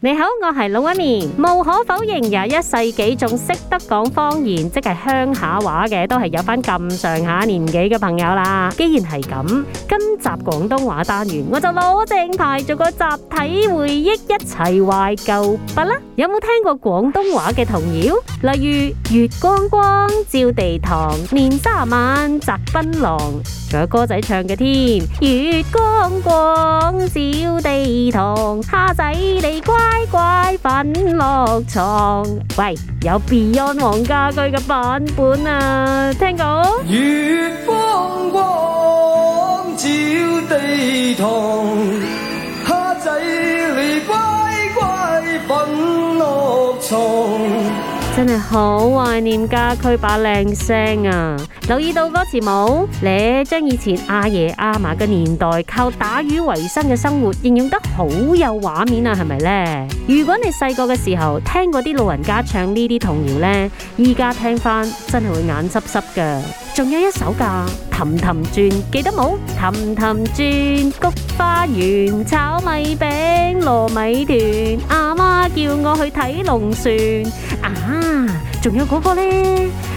你好，我係老阿面。無可否認，廿一世紀仲識得講方言，即係鄉下話嘅，都係有翻咁上下年紀嘅朋友啦。既然係咁，今集廣東話單元，我就攞定牌做個集體回憶，一齊懷舊不啦？有冇聽過廣東話嘅童謠？例如月光光照地堂，年三十晚摘檳榔。仲有歌仔唱嘅添，月光光照地堂，蝦仔你乖乖瞓落床。喂，有 Beyond 黃家駒嘅版本啊，聽講，月光光照地堂，蝦仔你乖乖瞓落床。真係好懷念家駒把靚聲啊！留意到歌詞冇？你將以前阿爺阿嫲嘅年代靠打魚為生嘅生活形容得好有畫面啊，係咪呢？如果你細個嘅時候聽過啲老人家唱呢啲童謠呢，而家聽翻真係會眼濕濕嘅。仲有一首噶，氹氹轉，記得冇？氹氹轉，菊花園，炒米餅，糯米團。我去睇龍船啊！仲有嗰個呢？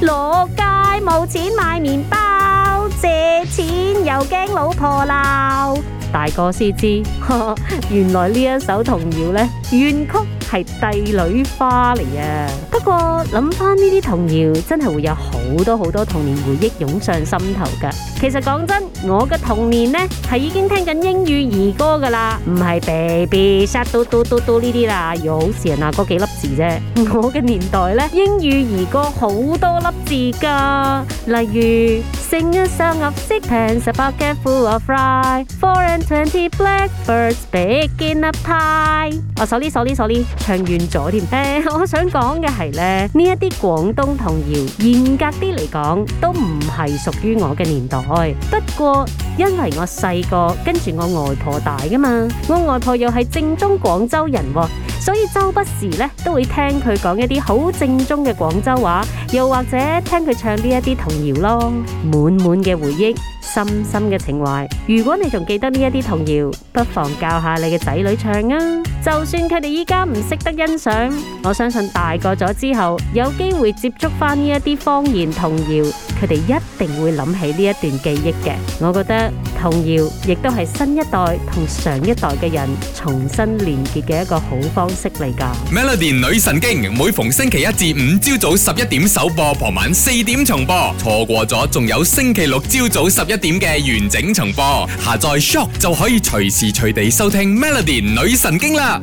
落街冇錢買麵包，借錢又驚老婆鬧，大個先知呵呵，原來呢一首童謠呢，怨曲。係帝女花嚟嘅。不過諗翻呢啲童謠，真係會有好多好多童年回憶湧上心頭噶。其實講真，我嘅童年呢，係已經聽緊英語兒歌噶啦，唔係 baby sh do do do do do、shut d 嘟嘟嘟呢啲啦，有成嗱嗰幾粒字啫。我嘅年代呢，英語兒歌好多粒字噶，例如 Sing a song of sixpence, a pocket full of rye, four Twenty blackbirds baked in a pie。我、oh, sorry, sorry, sorry, 唱完咗添。誒， 我想講嘅係咧，呢一啲廣東童謠，嚴格啲嚟講，都唔係屬於我嘅年代。不過，因為我細個跟住我外婆大㗎嘛，我外婆又係正宗廣州人喎，所以周不時咧都會聽佢講一啲好正宗嘅廣州話，又或者聽佢唱呢一啲童謠咯，滿滿嘅回憶。深深嘅情懷。如果你仲記得呢一啲童謠，不妨教下你嘅仔女唱啊！就算佢哋依家唔識得欣賞，我相信大個咗之後，有機會接觸翻呢一啲方言童謠，佢哋一定會諗起呢一段記憶嘅。我覺得。重要，亦都係新一代同上一代嘅人重新連結嘅一個好方式嚟㗎。Melody 女神經每逢星期一至五朝早十一點首播，傍晚四點重播，錯過咗仲有星期六朝早十一點嘅完整重播。下載 shop 就可以隨時隨地收聽 Melody 女神經啦。